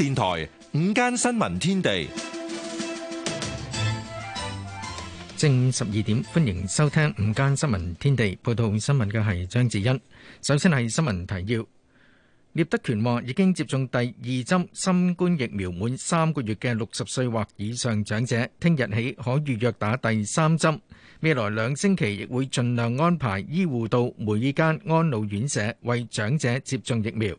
電台午間新聞天地正午十二點，歡迎收聽午間新聞天地。報道新聞嘅係張智欣。首先係新聞提要：聶德權話，已經接種第二針新冠疫苗滿三個月嘅六十歲或以上長者，聽日起可預約打第三針。未來兩星期亦會盡量安排醫護到每一間安老院舍為長者接種疫苗。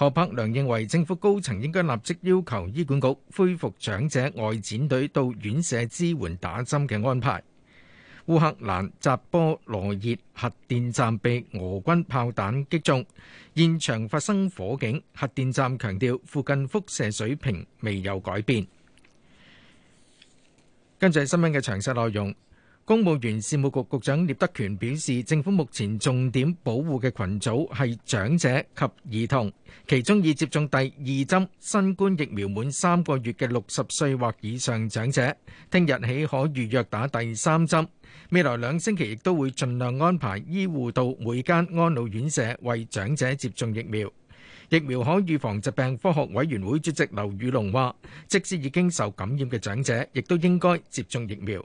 何柏良認為政府高層應該立即要求醫管局恢復長者外展隊到院舍支援打針嘅安排。烏克蘭扎波羅熱核電站被俄軍炮彈擊中，現場發生火警，核電站強調附近輻射水平未有改變。跟住係新聞嘅詳細內容。公務員事務局局長聶德權表示，政府目前重點保護嘅群組係長者及兒童，其中已接種第二針新冠疫苗滿三個月嘅六十歲或以上長者，聽日起可預約打第三針。未來兩星期亦都會盡量安排醫護到每間安老院舍為長者接種疫苗。疫苗可預防疾病科學委員會主席劉宇龍話，即使已經受感染嘅長者，亦都應該接種疫苗。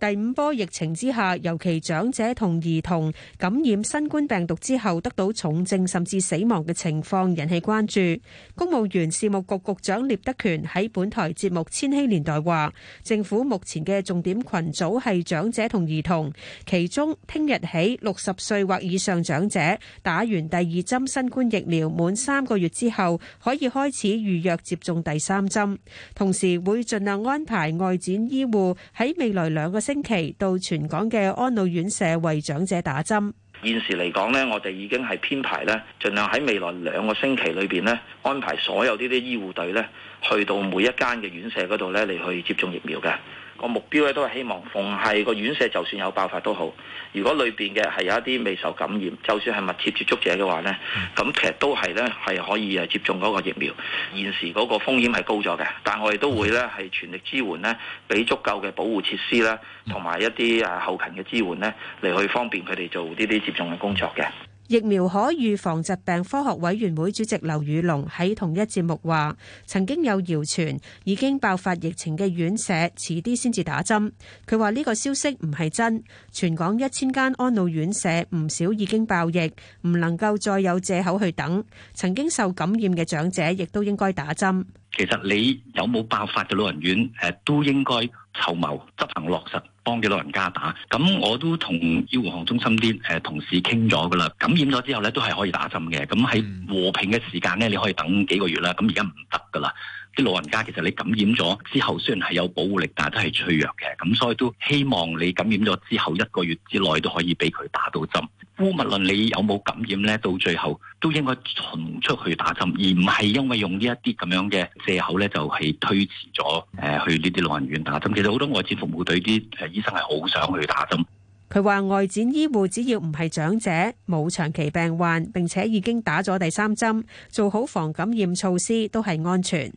第五波疫情之下，尤其長者同兒童感染新冠病毒之後得到重症甚至死亡嘅情況引起關注。公務員事務局局長聶德權喺本台節目《千禧年代》話，政府目前嘅重點群組係長者同兒童，其中聽日起六十歲或以上長者打完第二針新冠疫苗滿三個月之後可以開始預約接種第三針，同時會盡量安排外展醫護喺未來兩個星期到全港嘅安老院舍為長者打針。現時嚟講咧，我哋已經係編排咧，盡量喺未來兩個星期裏邊咧，安排所有呢啲醫護隊咧，去到每一間嘅院舍嗰度咧嚟去接種疫苗嘅。個目標咧都係希望，逢係個院舍就算有爆發都好，如果裏邊嘅係有一啲未受感染，就算係密切接觸者嘅話咧，咁其實都係咧係可以誒接種嗰個疫苗。現時嗰個風險係高咗嘅，但我哋都會咧係全力支援咧，俾足夠嘅保護設施啦，同埋一啲誒後勤嘅支援咧，嚟去方便佢哋做呢啲接種嘅工作嘅。疫苗可預防疾病科學委員會主席劉宇龍喺同一節目話：曾經有謠傳已經爆發疫情嘅院舍，遲啲先至打針。佢話呢個消息唔係真。全港一千間安老院舍唔少已經爆疫，唔能夠再有藉口去等。曾經受感染嘅長者亦都應該打針。其實你有冇爆發嘅老人院，都應該籌謀執行落實。幫啲老人家打，咁我都同醫護中心啲誒、呃、同事傾咗噶啦，感染咗之後咧都係可以打針嘅。咁喺和平嘅時間咧，你可以等幾個月啦。咁而家唔得噶啦，啲老人家其實你感染咗之後，雖然係有保護力，但係都係脆弱嘅。咁所以都希望你感染咗之後一個月之內都可以俾佢打到針。無論你有冇感染咧，到最後都應該循出去打針，而唔係因為用呢一啲咁樣嘅借口咧，就係推遲咗誒去呢啲老人院打針。其實好多外展服務隊啲誒醫生係好想去打針。佢話外展醫護只要唔係長者，冇長期病患，並且已經打咗第三針，做好防感染措施，都係安全。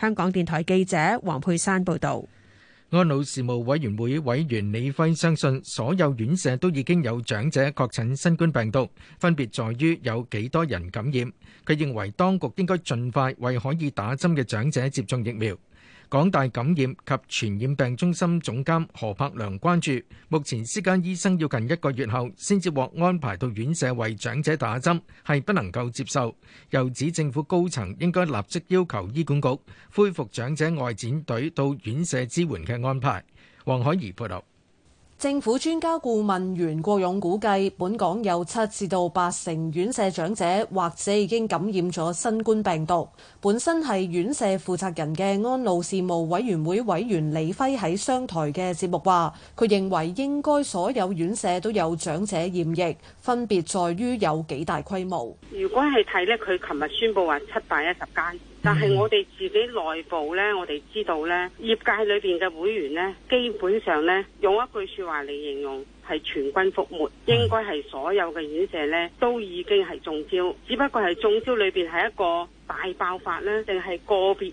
香港電台記者黃佩珊報道。安老事務委員會委員李輝相信，所有院舍都已經有長者確診新冠病毒，分別在於有幾多人感染。佢認為當局應該盡快為可以打針嘅長者接種疫苗。港大感染及傳染病中心總監何柏良關注,目前私家醫生要近一個月後,先至獲安排到院舍為長者打針,係不能夠接受,又指政府高層應該立即要求醫管局恢復長者外展隊到院舍支援嘅安排。黃海怡報道。政府專家顧問袁國勇估計，本港有七至到八成院舍長者或者已經感染咗新冠病毒。本身係院舍負責人嘅安老事務委員會委員李輝喺商台嘅節目話，佢認為應該所有院舍都有長者驗疫，分別在於有幾大規模。如果係睇呢，佢琴日宣布話七百一十間。但係我哋自己內部呢，我哋知道呢業界裏邊嘅會員呢，基本上呢，用一句説話嚟形容係全軍覆沒，應該係所有嘅院舍呢，都已經係中招，只不過係中招裏邊係一個大爆發啦，定係個別。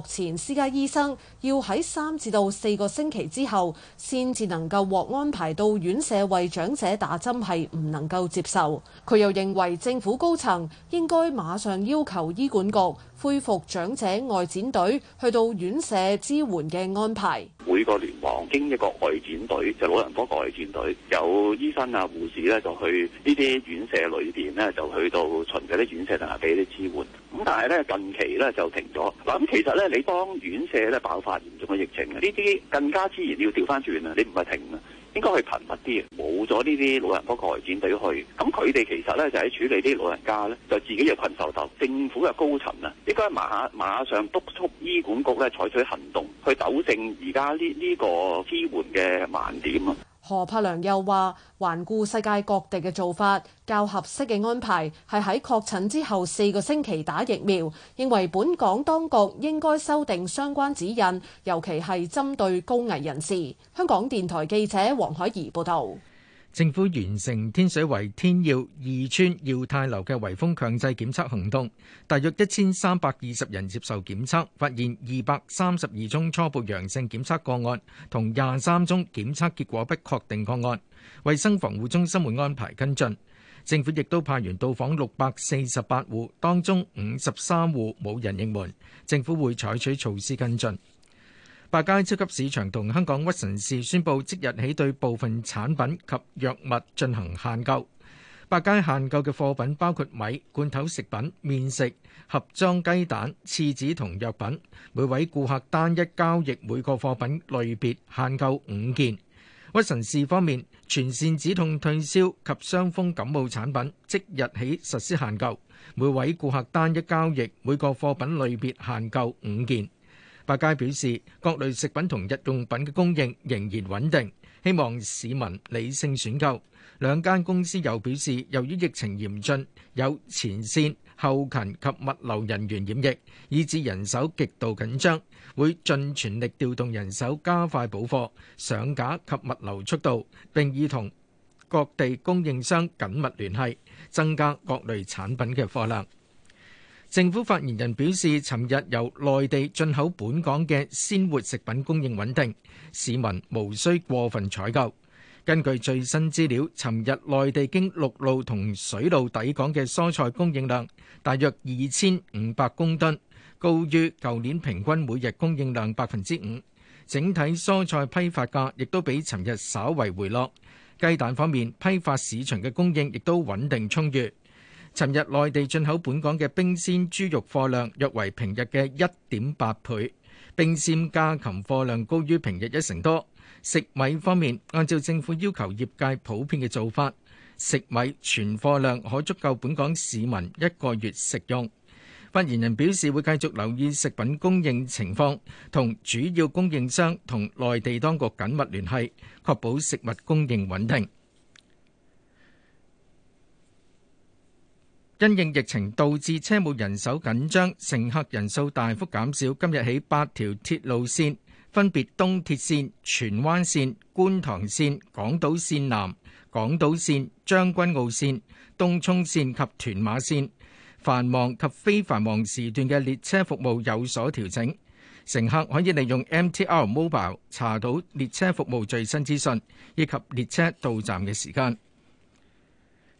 目前私家醫生要喺三至到四個星期之後先至能夠獲安排到院舍為長者打針，係唔能夠接受。佢又認為政府高層應該馬上要求醫管局。恢復長者外展隊去到院舍支援嘅安排。每個聯網經一個外展隊，就是、老人科外展隊，有醫生啊、護士咧，就去呢啲院舍裏邊咧，就去到巡視，啲院舍啊，俾啲支援。咁但係咧，近期咧就停咗。嗱，咁其實咧，你當院舍咧爆發嚴重嘅疫情嘅呢啲，更加自然要調翻轉啊！你唔係停啊！應該係頻密啲，冇咗呢啲老人科外展隊去，咁佢哋其實咧就喺、是、處理啲老人家咧，就自己又困獸鬥。政府嘅高層啊，應該馬馬上督促醫管局咧採取行動，去糾正而家呢呢個支援嘅盲點啊。何柏良又話，環顧世界各地嘅做法，較合適嘅安排係喺確診之後四個星期打疫苗。認為本港當局應該修訂相關指引，尤其係針對高危人士。香港電台記者黃海怡報道。政府完成天水圍天耀二村耀泰樓嘅圍封強制檢測行動，大約一千三百二十人接受檢測，發現二百三十二宗初步陽性檢測個案，同廿三宗檢測結果不確定個案，衛生防護中心會安排跟進。政府亦都派員到訪六百四十八戶，當中五十三戶冇人應門，政府會採取措施跟進。百佳超級市場同香港屈臣氏宣布即日起對部分產品及藥物進行限購。百佳限購嘅貨品包括米、罐頭食品、麵食、盒裝雞蛋、廁紙同藥品。每位顧客單一交易每個貨品類別限購五件。屈臣氏方面，全線止痛退燒及傷風感冒產品即日起實施限購。每位顧客單一交易每個貨品類別限購五件。百佳表示，各類食品同日用品嘅供應仍然穩定，希望市民理性選購。兩間公司又表示，由於疫情嚴峻，有前線、後勤及物流人員染疫，以致人手極度緊張，會盡全力調動人手，加快補貨、上架及物流速度，並已同各地供應商緊密聯繫，增加各類產品嘅貨量。政府發言人表示，尋日由內地進口本港的鮮活食品供應穩定，市民無需過分採購。根據最新資料，尋日內地經陸路同水路抵港的蔬菜供應量大約2500公噸，高於舊年平均每日供應量5%。整體蔬菜批發價亦都比尋日稍為回落。雞蛋方面，批發市場的供應亦都穩定充裕。尋日內地進口本港嘅冰鮮豬肉貨量約為平日嘅一點八倍，冰鮮家禽貨量高於平日一成多。食米方面，按照政府要求業界普遍嘅做法，食米存貨量可足夠本港市民一個月食用。發言人表示會繼續留意食品供應情況，同主要供應商同內地當局緊密聯繫，確保食物供應穩定。因應疫情導致車務人手緊張，乘客人數大幅減少。今日起，八條鐵路線分別東鐵線、荃灣線、觀塘線、港島線、南港島線、將軍澳線、東涌線及屯馬線，繁忙及非繁忙時段嘅列車服務有所調整。乘客可以利用 MTR Mobile 查到列車服務最新資訊以及列車到站嘅時間。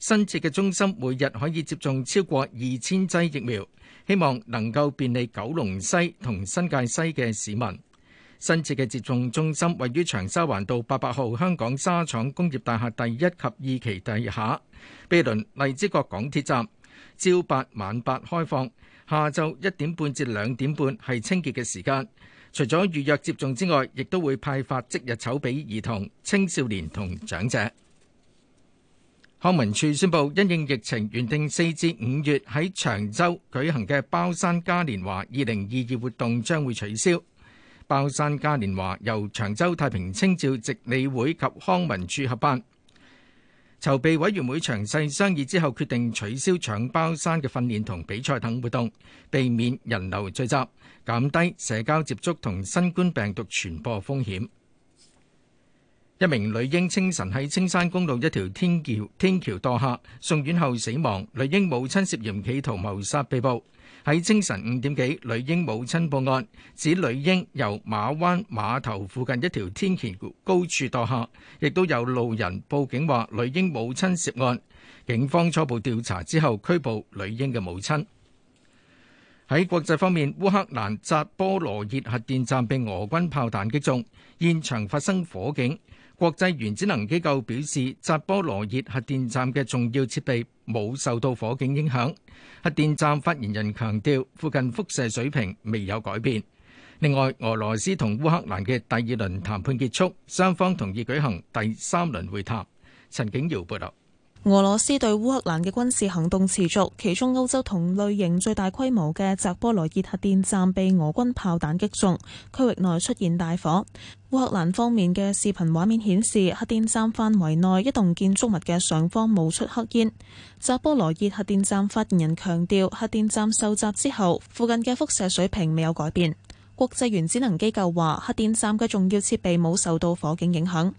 新設嘅中心每日可以接種超過二千劑疫苗，希望能夠便利九龍西同新界西嘅市民。新設嘅接種中心位於長沙灣道八百號香港紗廠工業大廈第一及二期地下，毗鄰荔枝角港鐵站，朝八晚八開放。下晝一點半至兩點半係清潔嘅時間。除咗預約接種之外，亦都會派發即日籌俾兒童、青少年同長者。康文署宣佈，因應疫情，原定四至五月喺長洲舉行嘅包山嘉年華二零二二活動將會取消。包山嘉年華由長洲太平清醮值理會及康文署合辦，籌備委員會詳細商議之後，決定取消搶包山嘅訓練、同比賽等活動，避免人流聚集，減低社交接觸同新冠病毒傳播風險。一名女嬰清晨喺青山公路一條天橋天橋墮下，送院後死亡。女嬰母親涉嫌企圖謀殺被捕。喺清晨五點幾，女嬰母親報案，指女嬰由馬灣碼頭附近一條天橋高處墮下，亦都有路人報警話女嬰母親涉案。警方初步調查之後，拘捕女嬰嘅母親。喺國際方面，烏克蘭扎波羅熱核電站被俄軍炮彈擊中，現場發生火警。國際原子能機構表示，扎波羅熱核電站嘅重要設備冇受到火警影響。核電站發言人強調，附近輻射水平未有改變。另外，俄羅斯同烏克蘭嘅第二輪談判結束，雙方同意舉行第三輪會談。陳景堯報道。俄羅斯對烏克蘭嘅軍事行動持續，其中歐洲同類型最大規模嘅扎波羅熱核電站被俄軍炮彈擊中，區域內出現大火。烏克蘭方面嘅視頻畫面顯示，核電站範圍內一棟建築物嘅上方冒出黑煙。扎波羅熱核電站發言人強調，核電站受襲之後，附近嘅輻射水平未有改變。國際原子能機構話，核電站嘅重要設備冇受到火警影響。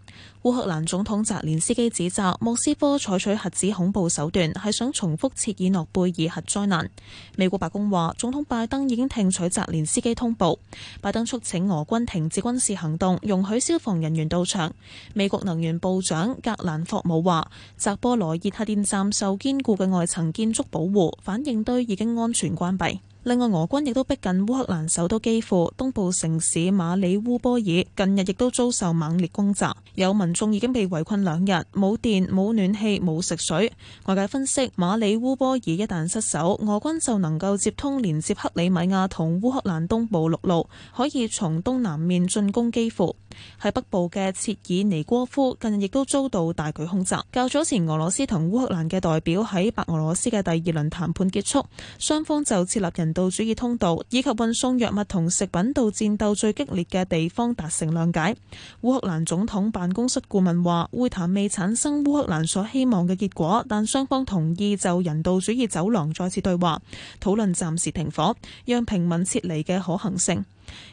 烏克蘭總統澤連斯基指責莫斯科採取核子恐怖手段，係想重複切爾諾貝爾核災難。美國白宮話，總統拜登已經聽取澤連斯基通報，拜登促請俄軍停止軍事行動，容許消防人員到場。美國能源部長格蘭霍姆話，扎波羅熱核電站受堅固嘅外層建築保護，反應堆已經安全關閉。另外，俄軍亦都逼近烏克蘭首都基輔，東部城市馬里烏波爾近日亦都遭受猛烈攻襲，有民眾已經被圍困兩日，冇電冇暖氣冇食水。外界分析，馬里烏波爾一旦失守，俄軍就能夠接通連接克里米亞同烏克蘭東部陸路，可以從東南面進攻基輔。喺北部嘅切爾尼戈夫近日亦都遭到大舉空襲。較早前，俄羅斯同烏克蘭嘅代表喺白俄羅斯嘅第二輪談判結束，雙方就設立人人道主義通道以及運送藥物同食品到戰鬥最激烈嘅地方達成諒解。烏克蘭總統辦公室顧問話：會談未產生烏克蘭所希望嘅結果，但雙方同意就人道主義走廊再次對話，討論暫時停火、讓平民撤離嘅可行性。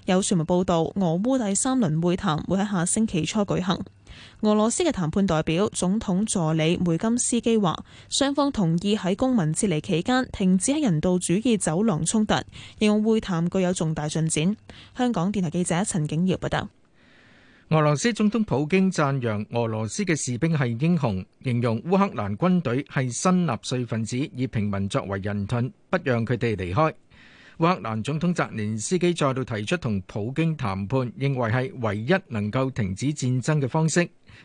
有傳媒報道，俄烏第三輪會談會喺下星期初舉行。俄羅斯嘅談判代表、總統助理梅金斯基話，雙方同意喺公民撤離期間停止喺人道主義走廊衝突，形容會談具有重大進展。香港電台記者陳景堯報道。俄羅斯總統普京讚揚俄羅斯嘅士兵係英雄，形容烏克蘭軍隊係新納粹分子，以平民作為人盾，不讓佢哋離開。烏克蘭總統澤連斯基再度提出同普京談判，認為係唯一能夠停止戰爭嘅方式。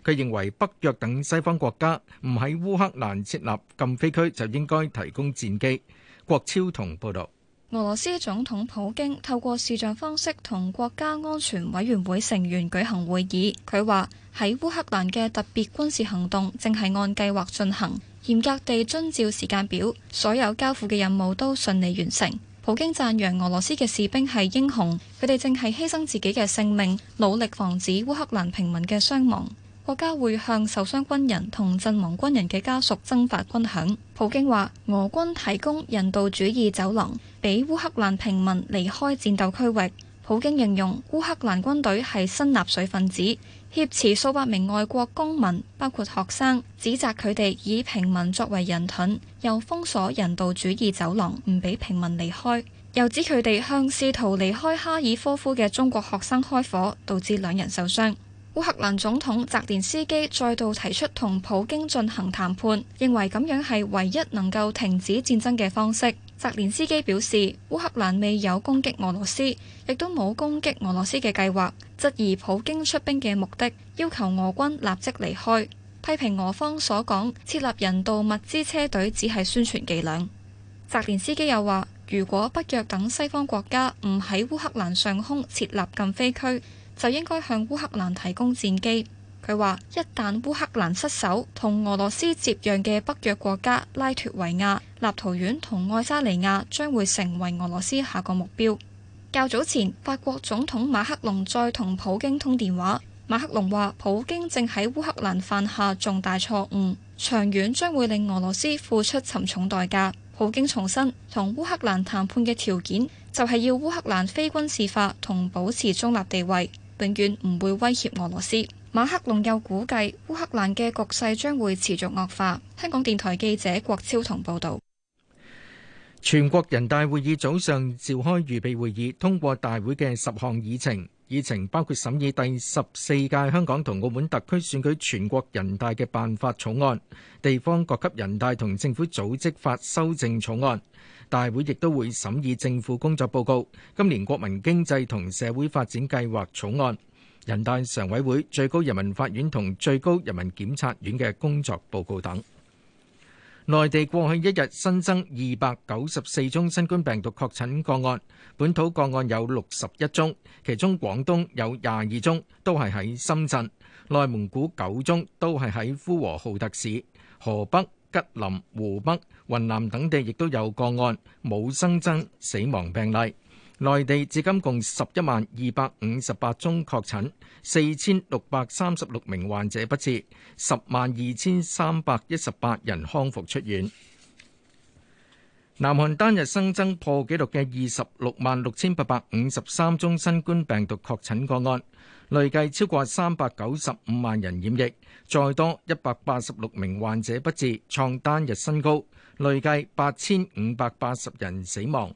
佢認為北約等西方國家唔喺烏克蘭設立禁飛區，就應該提供戰機。郭超同報道。俄羅斯總統普京透過視像方式同國家安全委員會成員舉行會議。佢話喺烏克蘭嘅特別軍事行動正係按計劃進行，嚴格地遵照時間表，所有交付嘅任務都順利完成。普京讚揚俄羅斯嘅士兵係英雄，佢哋正係犧牲自己嘅性命，努力防止烏克蘭平民嘅傷亡。國家會向受傷軍人同陣亡軍人嘅家屬增發軍餉。普京話俄軍提供人道主義走廊，俾烏克蘭平民離開戰鬥區域。普京形容烏克蘭軍隊係新納粹分子，挾持數百名外國公民，包括學生，指責佢哋以平民作為人盾，又封鎖人道主義走廊，唔俾平民離開，又指佢哋向試圖離開哈爾科夫嘅中國學生開火，導致兩人受傷。烏克蘭總統澤連斯基再度提出同普京進行談判，認為咁樣，係唯一能夠停止戰爭嘅方式。澤連斯基表示，烏克蘭未有攻擊俄羅斯，亦都冇攻擊俄羅斯嘅計劃，質疑普京出兵嘅目的，要求俄軍立即離開，批評俄方所講設立人道物資車隊只係宣傳伎倆。澤連斯基又話，如果北約等西方國家唔喺烏克蘭上空設立禁飛區，就應該向烏克蘭提供戰機。佢話：一旦烏克蘭失守，同俄羅斯接壤嘅北約國家拉脱維亞、立陶宛同愛沙尼亞將會成為俄羅斯下個目標。較早前，法國總統馬克龍再同普京通電話，馬克龍話：普京正喺烏克蘭犯下重大錯誤，長遠將會令俄羅斯付出沉重代價。普京重申，同烏克蘭談判嘅條件就係要烏克蘭非軍事化同保持中立地位，永遠唔會威脅俄羅斯。馬克龍又估計，烏克蘭嘅局勢將會持續惡化。香港電台記者郭超同報道，全國人大會議早上召開預備會議，通過大會嘅十項議程。議程包括審議第十四屆香港同澳門特區選舉全國人大嘅辦法草案、地方各級人大同政府組織法修正草案。大會亦都會審議政府工作報告、今年國民經濟同社會發展計劃草案。人大常委會、最高人民法院同最高人民檢察院嘅工作報告等。內地過去一日新增二百九十四宗新冠病毒確診個案，本土個案有六十一宗，其中廣東有廿二宗，都係喺深圳；內蒙古九宗都係喺呼和浩特市，河北、吉林、湖北、雲南等地亦都有個案，冇新增死亡病例。內地至今共十一萬二百五十八宗確診，四千六百三十六名患者不治，十萬二千三百一十八人康復出院。南韓單日新增破紀錄嘅二十六萬六千八百五十三宗新冠病毒確診個案，累計超過三百九十五萬人染疫，再多一百八十六名患者不治，創單日新高，累計八千五百八十人死亡。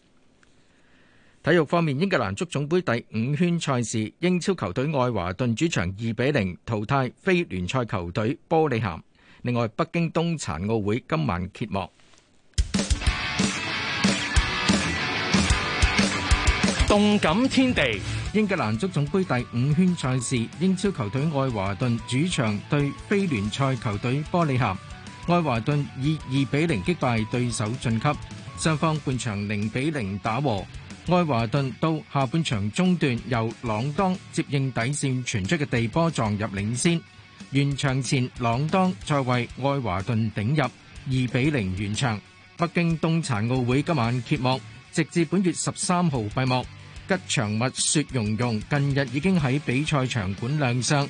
體育方面，英格蘭足總杯第五圈賽事，英超球隊愛華頓主場二比零淘汰非聯賽球隊波里咸。另外，北京冬殘奧會今晚揭幕，動感天地。英格蘭足總杯第五圈賽事，英超球隊愛華頓主場對非聯賽球隊波里咸，愛華頓以二比零擊敗對手晉級，雙方半場零比零打和。愛華頓到下半場中段由朗當接應底線傳出嘅地波撞入領先，完場前朗當再為愛華頓頂入二比零完場。北京冬殘奧會今晚揭幕，直至本月十三號閉幕。吉祥物雪融融近日已經喺比賽場館亮相。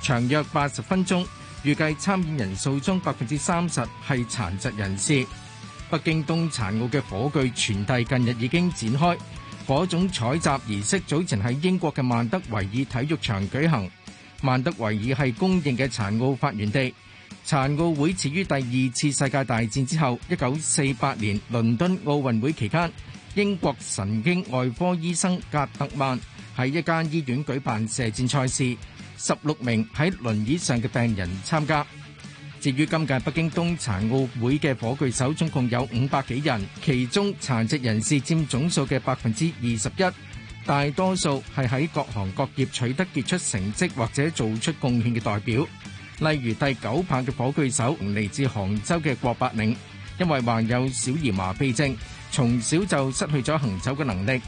長約八十分鐘，預計參演人數中百分之三十係殘疾人士。北京冬殘奧嘅火炬傳遞近日已經展開，火種採集儀式早前喺英國嘅曼德維爾體育場舉行。曼德維爾係公認嘅殘奧發源地。殘奧會始於第二次世界大戰之後，一九四八年倫敦奧運會期間，英國神經外科醫生格特曼喺一間醫院舉辦射箭賽事。十六名喺輪椅上嘅病人參加。至於今屆北京冬殘奧會嘅火炬手，總共有五百幾人，其中殘疾人士佔總數嘅百分之二十一，大多數係喺各行各業取得傑出成績或者做出貢獻嘅代表。例如第九棒嘅火炬手嚟自杭州嘅郭百寧，因為患有小兒麻痹症，從小就失去咗行走嘅能力。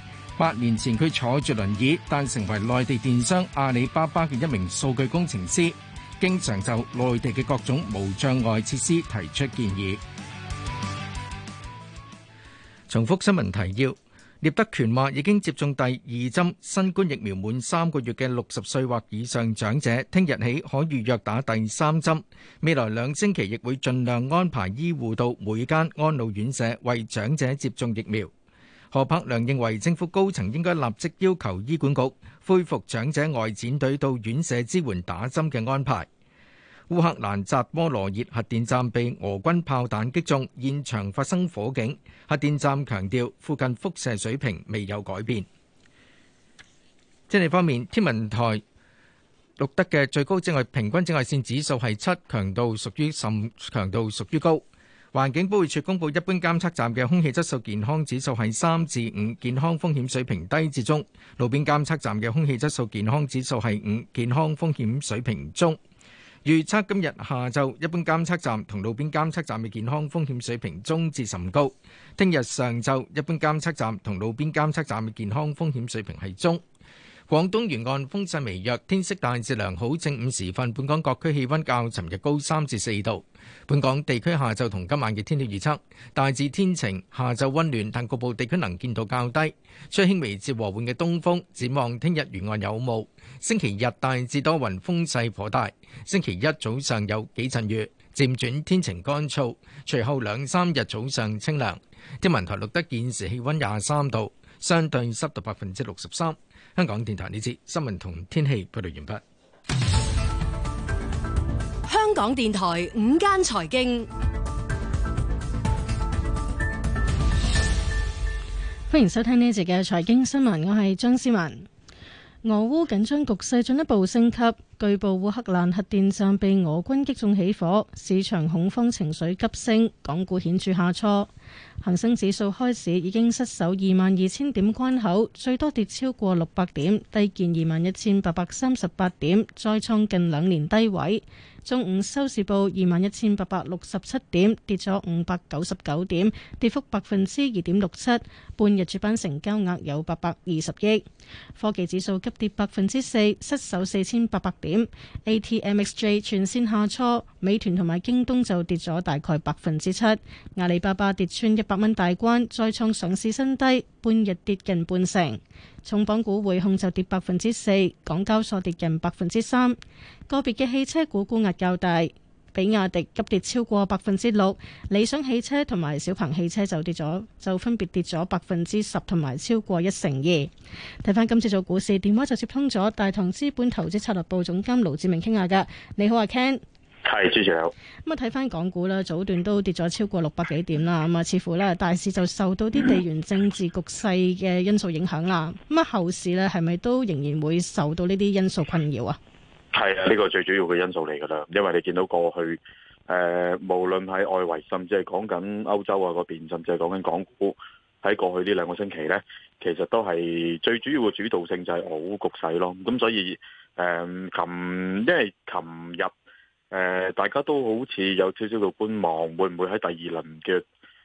八年前佢坐住輪椅，但成為內地電商阿里巴巴嘅一名數據工程師，經常就內地嘅各種無障礙設施提出建議。重複新聞提要：聶德權話，已經接種第二針新冠疫苗滿三個月嘅六十歲或以上長者，聽日起可預約打第三針，未來兩星期亦會盡量安排醫護到每間安老院舍為長者接種疫苗。何柏良認為政府高層應該立即要求醫管局恢復長者外展隊到院舍支援打針嘅安排。烏克蘭扎波羅熱核電站被俄軍炮彈擊中，現場發生火警，核電站強調附近輻射水平未有改變。天氣方面，天文台錄得嘅最高紫外線平均紫外線指數係七，強度屬於甚強度，屬於高。環境保護署公布一般監測站嘅空氣質素健康指數係三至五，健康風險水平低至中；路邊監測站嘅空氣質素健康指數係五，健康風險水平中。預測今日下晝一般監測站同路邊監測站嘅健康風險水平中至甚高。聽日上晝一般監測站同路邊監測站嘅健康風險水平係中。廣東沿岸風勢微弱，天色大致良好。正午時分，本港各區氣溫較尋日高三至四度。本港地區下晝同今晚嘅天氣預測大致天晴，下晝溫暖，但局部地區能見度較低，吹輕微至和緩嘅東風。展望聽日沿岸有霧，星期日大致多雲，風勢頗大。星期一早上有幾陣雨，漸轉天晴乾燥。隨後兩三日早上清涼。天文台錄得現時氣溫廿三度，相對濕度百分之六十三。香港電台呢節新聞同天氣報道完畢。香港電台午間財經，歡迎收聽呢一節嘅財經新聞，我係張思文。俄烏緊張局勢進一步升級，據報烏克蘭核電站被俄軍擊中起火，市場恐慌情緒急升，港股顯著下挫。恆生指數開市已經失守二萬二千點關口，最多跌超過六百點，低見二萬一千八百三十八點，再創近兩年低位。中午收市報二萬一千八百六十七點，跌咗五百九十九點，跌幅百分之二點六七。半日主板成交額有八百二十億。科技指數急跌百分之四，失守四千八百點。ATMXJ 全線下挫，美團同埋京東就跌咗大概百分之七，阿里巴巴跌。穿一百蚊大關，再創上市新低，半日跌近半成。重磅股匯控就跌百分之四，港交所跌近百分之三。個別嘅汽車股沽壓較，較大，比亞迪急跌超過百分之六，理想汽車同埋小鵬汽車就跌咗，就分別跌咗百分之十同埋超過一成二。睇翻今次做股市，電話就接通咗大同資本投資策略部總監盧志明傾下㗎。你好，阿 Ken。係，主持人好。咁啊，睇翻港股啦，早段都跌咗超過六百幾點啦。咁啊，似乎咧，大市就受到啲地緣政治局勢嘅因素影響啦。咁啊，後市咧，係咪都仍然會受到呢啲因素困擾啊？係啊，呢、這個最主要嘅因素嚟噶啦。因為你見到過去誒、呃，無論喺外圍，甚至係講緊歐洲啊嗰邊，甚至係講緊港股喺過去呢兩個星期咧，其實都係最主要嘅主導性就係俄烏局勢咯。咁所以誒，琴、呃、因為琴日。誒、呃，大家都好似有少少度觀望，會唔會喺第二輪嘅誒、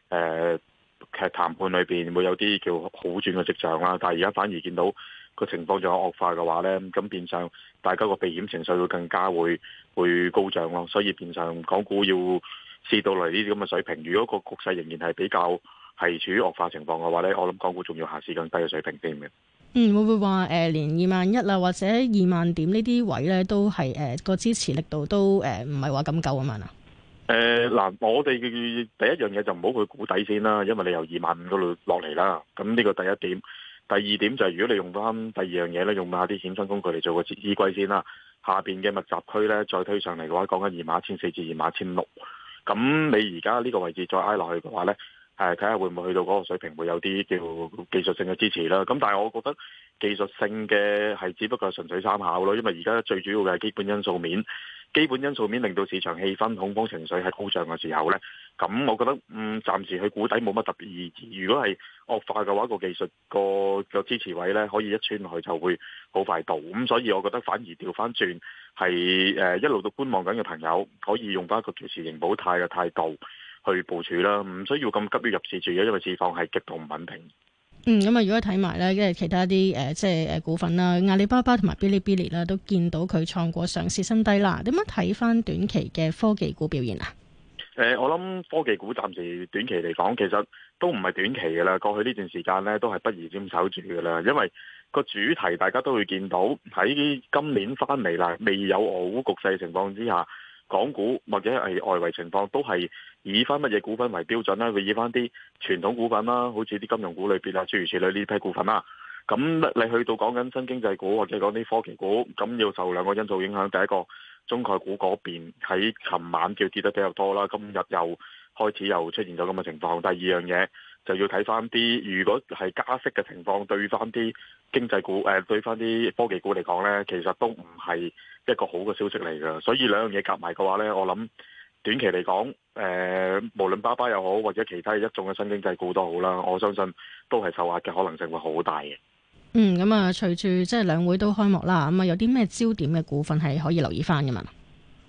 呃、劇談判裏邊會有啲叫好轉嘅跡象啦？但係而家反而見到個情況仲有惡化嘅話呢，咁變相大家個避險情緒會更加會會高漲咯。所以變相港股要試到嚟呢啲咁嘅水平。如果個局勢仍然係比較係處於惡化情況嘅話呢，我諗港股仲要下試更低嘅水平添嘅。嗯，會唔會話誒、呃，連二萬一啦，或者二萬點呢啲位呢，都係誒、呃、個支持力度都誒唔係話咁夠啊嘛？嗱、呃呃，我哋第一樣嘢就唔好去估底先啦，因為你由二萬五度落嚟啦，咁呢個第一點。第二點就係如果你用翻第二樣嘢呢用下啲衍生工具嚟做個折衣櫃先啦。下邊嘅密集區呢，再推上嚟嘅話，講緊二萬一千四至二萬一千六。咁你而家呢個位置再挨落去嘅話呢。係睇下會唔會去到嗰個水平，會有啲叫技術性嘅支持啦。咁但係我覺得技術性嘅係只不過純粹參考咯，因為而家最主要嘅係基本因素面，基本因素面令到市場氣氛恐慌情緒係高漲嘅時候呢，咁我覺得嗯暫時去估底冇乜特別意義。如果係惡化嘅話，個技術個個支持位呢，可以一穿落去就會好快到。咁所以我覺得反而調返轉係誒一路都觀望緊嘅朋友，可以用返一個其持盈保泰嘅態度。去部署啦，唔需要咁急於入市住嘅，因為市況係極度唔穩定。嗯，咁啊，如果睇埋咧，因為其他啲誒、呃，即係誒股份啦，阿里巴巴同埋嗶哩嗶哩啦，都見到佢創過上市新低啦。點樣睇翻短期嘅科技股表現啊？誒、呃，我諗科技股暫時短期嚟講，其實都唔係短期噶啦。過去呢段時間咧，都係不宜堅守住噶啦，因為個主題大家都會見到喺今年翻嚟啦，未有俄烏局勢嘅情況之下，港股或者係外圍情況都係以翻乜嘢股份為標準啦，佢以翻啲傳統股份啦，好似啲金融股類別啊，諸如此類呢批股份啊。咁你去到講緊新經濟股或者講啲科技股，咁要受兩個因素影響。第一個中概股嗰邊喺琴晚叫跌得比較多啦，今日又開始又出現咗咁嘅情況。第二樣嘢。就要睇翻啲，如果係加息嘅情況，對翻啲經濟股誒、呃，對翻啲科技股嚟講呢，其實都唔係一個好嘅消息嚟嘅。所以兩樣嘢夾埋嘅話呢，我諗短期嚟講，誒、呃、無論巴巴又好，或者其他一眾嘅新經濟股都好啦，我相信都係受壓嘅可能性會好大嘅、嗯。嗯，咁、嗯、啊，隨住即係兩會都開幕啦，咁、嗯、啊有啲咩焦點嘅股份係可以留意翻嘅嘛？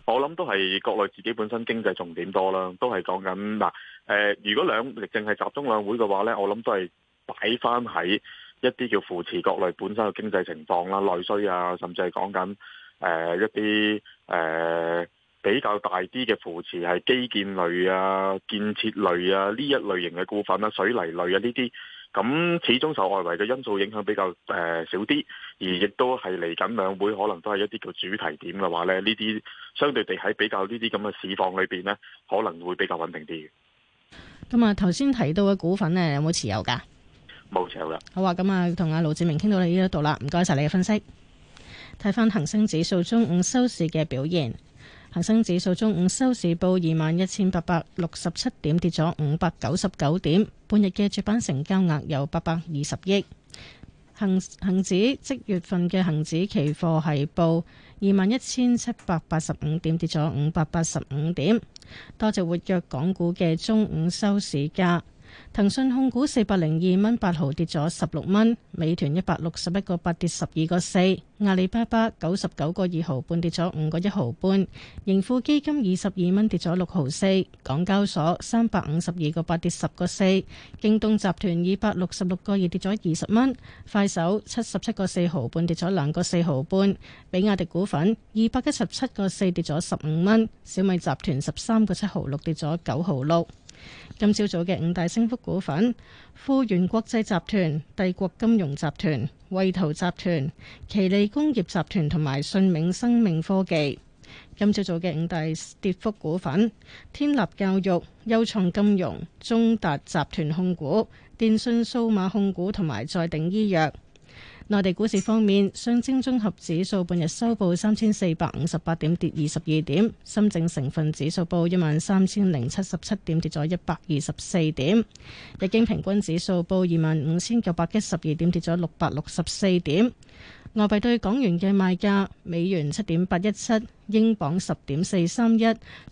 我諗都係國內自己本身經濟重點多啦，都係講緊嗱。啊誒、呃，如果兩亦淨係集中兩會嘅話呢，我諗都係擺翻喺一啲叫扶持國內本身嘅經濟情況啦、內需啊，甚至係講緊誒一啲誒、呃、比較大啲嘅扶持係基建類啊、建設類啊呢一類型嘅股份啦、水泥類啊呢啲，咁始終受外圍嘅因素影響比較誒、呃、少啲，而亦都係嚟緊兩會可能都係一啲叫主題點嘅話咧，呢啲相對地喺比較呢啲咁嘅市況裏邊呢，可能會比較穩定啲。咁啊，頭先提到嘅股份呢，有冇持有噶？冇持有啦。好啊，咁啊，同阿盧志明傾到你呢一度啦，唔該晒你嘅分析。睇翻恒生指數中午收市嘅表現，恒生指數中午收市報二萬一千八百六十七點，跌咗五百九十九點，半日嘅主板成交額有八百二十億。恒恒指即月份嘅恒指期貨係報二萬一千七百八十五點，跌咗五百八十五點，多謝活躍港股嘅中午收市價。騰訊控股四百零二蚊八毫跌咗十六蚊，美團一百六十一個八跌十二個四，阿里巴巴九十九個二毫半跌咗五個一毫半，盈富基金二十二蚊跌咗六毫四，港交所三百五十二個八跌十個四，京東集團二百六十六個二跌咗二十蚊，快手七十七個四毫半跌咗兩個四毫半，比亞迪股份二百一十七個四跌咗十五蚊，小米集團十三個七毫六跌咗九毫六。今朝早嘅五大升幅股份：富源國際集團、帝國金融集團、惠圖集團、奇利工業集團同埋信銘生命科技。今朝早嘅五大跌幅股份：天立教育、優創金融、中達集團控股、電訊數碼控股同埋再鼎醫藥。內地股市方面，上證綜合指數半日收報三千四百五十八點，跌二十二點；深證成分指數報一萬三千零七十七點，跌咗一百二十四點；日經平均指數報二萬五千九百一十二點，跌咗六百六十四點。外幣對港元嘅賣價：美元七點八一七，英鎊十點四三一，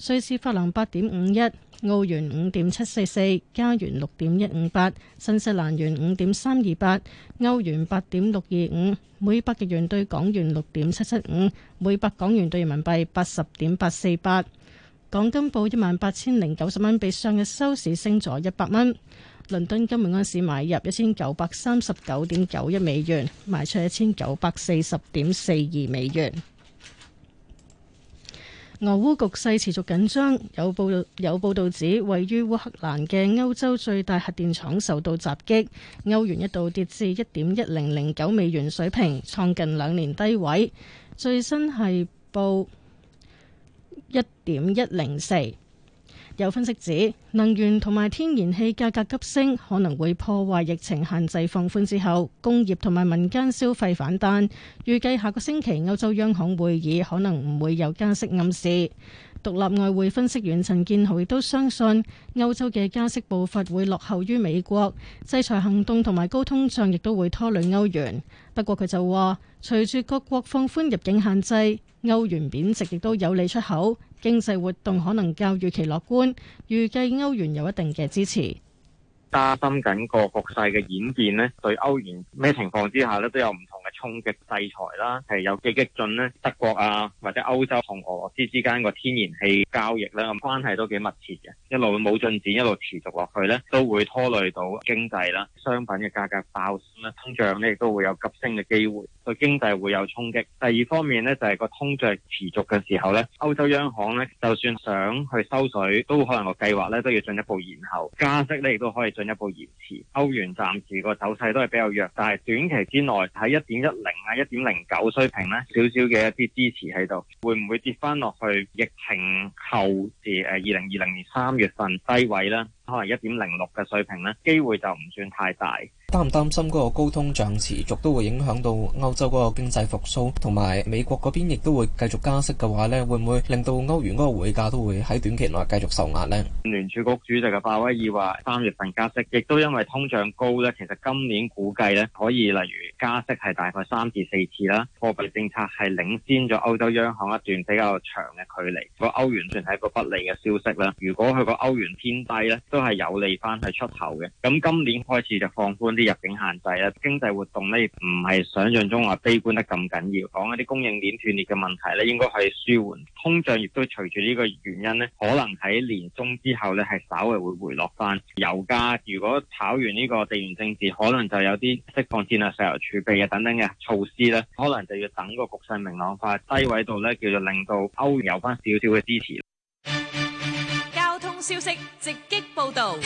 瑞士法郎八點五一，澳元五點七四四，加元六點一五八，新西蘭元五點三二八，歐元八點六二五。每百日元對港元六點七七五，每百港元對人民幣八十點八四八。港金報一萬八千零九十蚊，比上日收市升咗一百蚊。倫敦今日安市買入一千九百三十九點九一美元，賣出一千九百四十點四二美元。俄烏局勢持續緊張，有報有報道指，位於烏克蘭嘅歐洲最大核電廠受到襲擊。歐元一度跌至一點一零零九美元水平，創近兩年低位。最新係報一點一零四。有分析指能源同埋天然氣價格急升，可能會破壞疫情限制放寬之後工業同埋民間消費反彈，預計下個星期歐洲央行會議可能唔會有加息暗示。獨立外匯分析員陳建豪亦都相信歐洲嘅加息步伐會落後於美國。制裁行動同埋高通脹亦都會拖累歐元。不過，佢就話隨住各國放寬入境限制，歐元貶值亦都有利出口。經濟活動可能較預期樂觀，預計歐元有一定嘅支持。加深緊個局勢嘅演變咧，對歐元咩情況之下咧都有唔同。衝擊制裁啦，係有幾激進咧？德國啊，或者歐洲同俄羅斯之間個天然氣交易啦，咁關係都幾密切嘅。一路冇進展，一路持續落去咧，都會拖累到經濟啦，商品嘅價格爆升啦，通脹咧亦都會有急升嘅機會，對經濟會有衝擊。第二方面咧，就係個通脹持續嘅時候咧，歐洲央行咧就算想去收水，都可能個計劃咧都要進一步延後，加息咧亦都可以進一步延遲。歐元暫時個走勢都係比較弱，但係短期之內喺一點。一零啊，一點零九水平咧，少少嘅一啲支持喺度，會唔會跌翻落去疫情後嘅誒二零二零年三月份低位咧？可能一點零六嘅水平咧，機會就唔算太大。擔唔擔心嗰個高通脹持續都會影響到歐洲嗰個經濟復甦，同埋美國嗰邊亦都會繼續加息嘅話呢，會唔會令到歐元嗰個匯價都會喺短期內繼續受壓呢？聯儲局主席嘅鮑威爾話三月份加息，亦都因為通脹高呢，其實今年估計呢，可以例如加息係大概三至四次啦。貨幣政策係領先咗歐洲央行一段比較長嘅距離。個歐元算係一個不利嘅消息啦。如果佢個歐元偏低呢，都係有利翻去出口嘅。咁今年開始就放寬啲入境限制啦，經濟活動呢唔係想象中話悲觀得咁緊要，講一啲供應鏈斷裂嘅問題呢應該係舒緩，通脹亦都隨住呢個原因呢可能喺年終之後呢係稍微會回落翻。油價如果炒完呢個地緣政治，可能就有啲釋放戰略石油儲備啊等等嘅措施呢，可能就要等個局勢明朗化，低位度呢叫做令到歐元有翻少少嘅支持。消息直擊報道。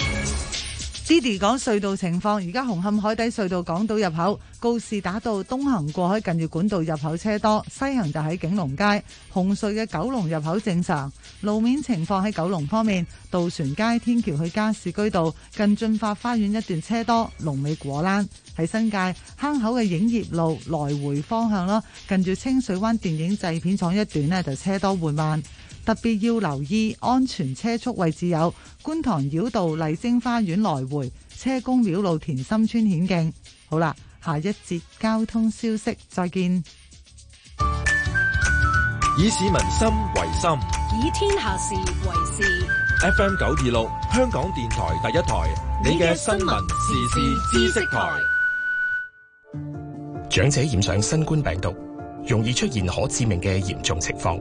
Didi 講隧道情況，而家紅磡海底隧道港島入口告士打道東行過海近住管道入口車多，西行就喺景龍街。紅隧嘅九龍入口正常。路面情況喺九龍方面，渡船街天橋去加士居道近駿發花園一段車多，龍尾果欄喺新界坑口嘅影業路來回方向咯，近住清水灣電影製片廠一段呢，就車多緩慢。特別要留意安全車速位置，有觀塘繞道麗晶花園來回、車公廟路田心村顯徑。好啦，下一節交通消息，再見。以市民心為心，以天下事為事。F M 九二六，香港電台第一台，你嘅新聞時事知識台。長者染上新冠病毒，容易出現可致命嘅嚴重情況。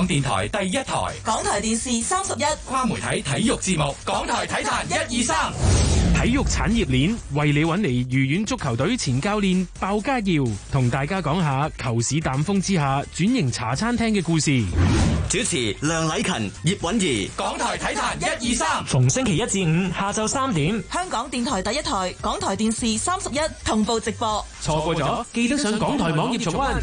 香港電台第一台，港台電視三十一跨媒體體育節目，港台體壇一二三，體育產業鏈為你搵嚟，愉園足球隊前教練鮑家耀同大家講下球市淡風之下轉型茶餐廳嘅故事。主持梁禮勤、葉韻儀，港台體壇一二三，逢星期一至五下晝三點，香港電台第一台，港台電視三十一同步直播。錯過咗，記得上港台網頁重温。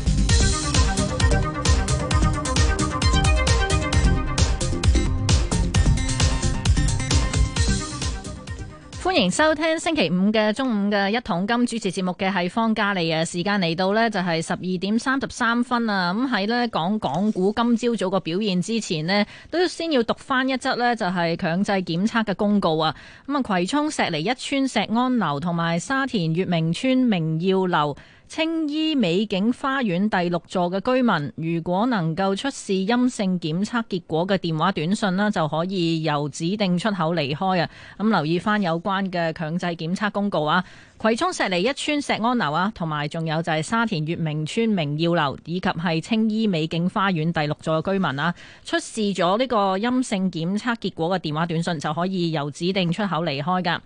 歡迎收聽星期五嘅中午嘅一桶金，主持節目嘅係方嘉利啊，時間嚟到呢，就係十二點三十三分啊，咁喺呢講港股今朝早個表現之前呢，都先要讀翻一則呢，就係強制檢測嘅公告啊，咁啊葵涌石梨一村石安樓同埋沙田月明村明耀樓。青衣美景花園第六座嘅居民，如果能夠出示陰性檢測結果嘅電話短信啦，就可以由指定出口離開啊。咁留意返有關嘅強制檢測公告啊。葵涌石梨一村石安樓啊，同埋仲有就係沙田月明村明耀樓以及係青衣美景花園第六座嘅居民啊，出示咗呢個陰性檢測結果嘅電話短信就可以由指定出口離開噶。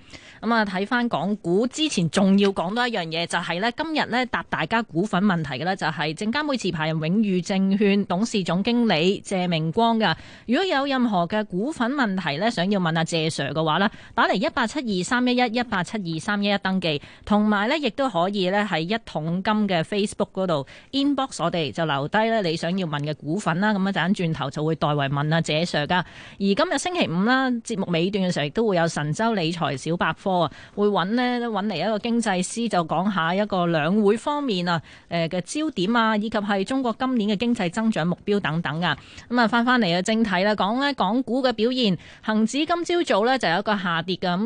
咁啊，睇翻港股之前，仲要講多一樣嘢，就係呢今日呢，答大家股份問題嘅呢，就係證監會持牌人永裕證券董事總經理謝明光噶。如果有任何嘅股份問題呢，想要問阿謝 Sir 嘅話呢打嚟一八七二三一一一八七二三一一登記。同埋呢，亦都可以呢，喺一桶金嘅 Facebook 度 inbox 我哋，就留低呢你想要問嘅股份啦。咁啊，陣間轉頭就會代為問啊，謝 Sir 噶。而今日星期五啦，節目尾段嘅時候亦都會有神州理財小百科啊，會揾呢揾嚟一個經濟師就講下一個兩會方面啊，誒嘅焦點啊，以及係中國今年嘅經濟增長目標等等㗎。咁啊，翻翻嚟嘅正題啦，講呢，港股嘅表現，恒指今朝早呢，就有一個下跌㗎。